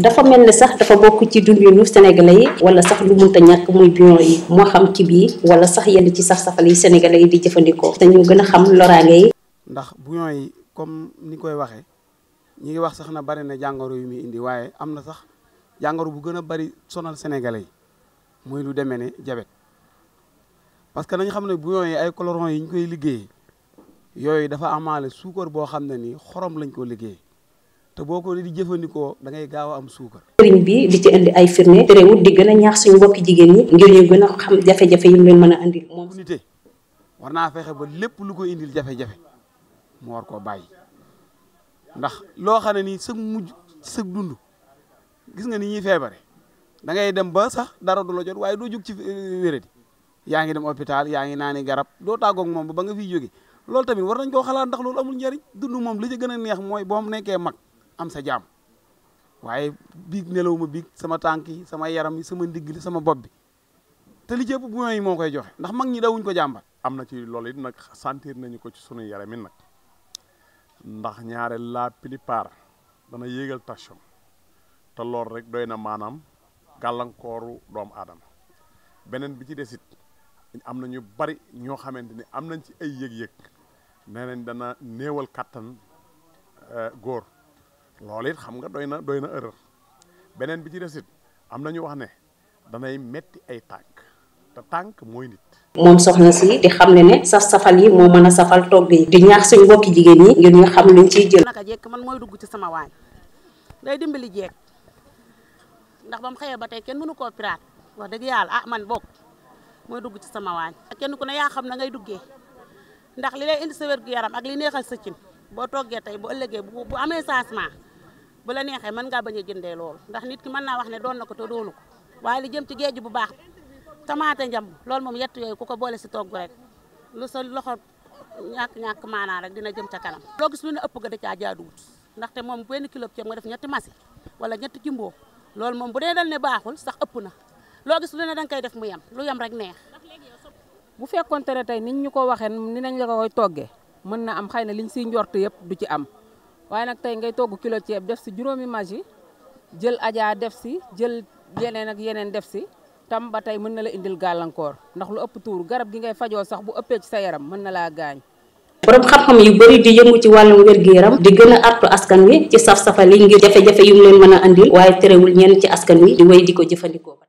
dafa mel ne sax dafa bokk ci dundinu sénégalais yi wala sax lu munta ñàkk muy bouillon yi moo xam ci biir wala sax yenn ci saf-safal yi sénégalais yi di jëfandikoo te ñu gën a xam loraange yi ndax bouillon yi comme ni koy waxee ñu ngi wax sax na bari na jàngoro yu muy indi waaye am na sax jàngoro bu gën a bari sonal sénégalais yi muy lu demee ne jabet parce que nañ xam ne bouillon yi ay coloron yi ñu koy liggéeyee yooyu dafa amaale suukar boo xam ne nii xorom lañ ko liggéey te boo ko di jëfandikoo da ngay gaaw a am suukar. sëriñ bi di ci indi ay firnde terewul di gën a ñaax suñu mbokki jigéen ñi ngir ñu gën a xam jafe-jafe yi mu leen mën a andil moom. nité war naa fexe ba lépp lu ko indil jafe-jafe mu war koo bàyyi ndax loo xam ne nii sëg mujj sëg dund gis nga ni ñuy feebare da ngay dem ba sax dara du la jot waaye doo jóg ci eh, wéradi yaa ngi dem hôpital yaa ngi naani garab doo tàggoog moom ba nga fiy jóge loolu tamit war nañ koo xalaat ndax loolu amul njariñ dund moom li ci gën a neex mooy boo nekkee mag am sa jaam waaye biig nelaw ma biig sama tànk yi sama yaram yi sama ndigg li sama bopp bi te li ci ëpp yi moo koy joxe ndax mag ñi dawuñ ko jàmbat. am na ci loolu it nag sentir nañu ko ci sunu yaram it nag ndax ñaare la plupart dana yéegal tension te loolu rek doy na maanaam gàllankooru doomu aadama beneen bi ci des it am na ñu bari ñoo xamante ni am nañ ci ay yëg-yëg nee nañ dana néewal kattan euh, góor. loolu it xam nga doy na doy na erreur beneen bi ci des am na ñu wax ne danay metti ay tànk te tànk mooy nit. moom soxna si di xam ne ne saf safal yi moo mën a safal togg yi. di ñaax suñu mbokki jigéen ñi ngir ñu xam luñ ciy jël. naka jekk man mooy dugg ci sama waañ day dimbali jeeg ndax ba mu xëyee ba tey kenn mënu koo piraat wax dëgg yàlla ah man bokk mooy dugg ci sama waañ. kenn ku ne yaa xam na ngay duggee ndax li lay indi sa wér gu yaram ak li neexal sa cin boo toggee tey bu ëllëgee bu bu amee changement. bu la neexee mën ngaa bañ a jëndee loolu ndax nit ki mën naa wax ne doon na ko te doonu ko waaye li jëm ci géej bu baax tamaate njam loolu moom yett yooyu ku ko boole si togg rek lu sa loxo ñàkk-ñàkk maanaa rek dina jëm ca kanam loo gis lu ëpp ga da caa jaaduwut ndaxte moom benn kilo ceeb nga def ñetti masi wala ñetti jumbo loolu moom bu dee dal ne baaxul sax ëpp na loo gis lu ne danga koy def mu yem lu yem rek neex bu fekkoon te tere tey nit ñu ko waxee ni nañ la koy toggee mën na am xëy na liñ siy njort yëpp du ci am waaye nag tey ngay togg kilo ceeb def si juróomi magi jël ajaa def si jël yeneen ak yeneen def si tam ba tey mën na la indil gàllankoor ndax lu ëpp tuur garab gi ngay fajoo sax bu ëppee sa yaram mën na laa gaañ borom xam-xam yu bari di yëngu ci wàllum wér-gu-yaram di gën a artu askan wi ci saf-safali ngir jafe-jafe yu mu leen mën a andil waaye terewul ñenn ci askan wi di wéy di ko jëfandikoo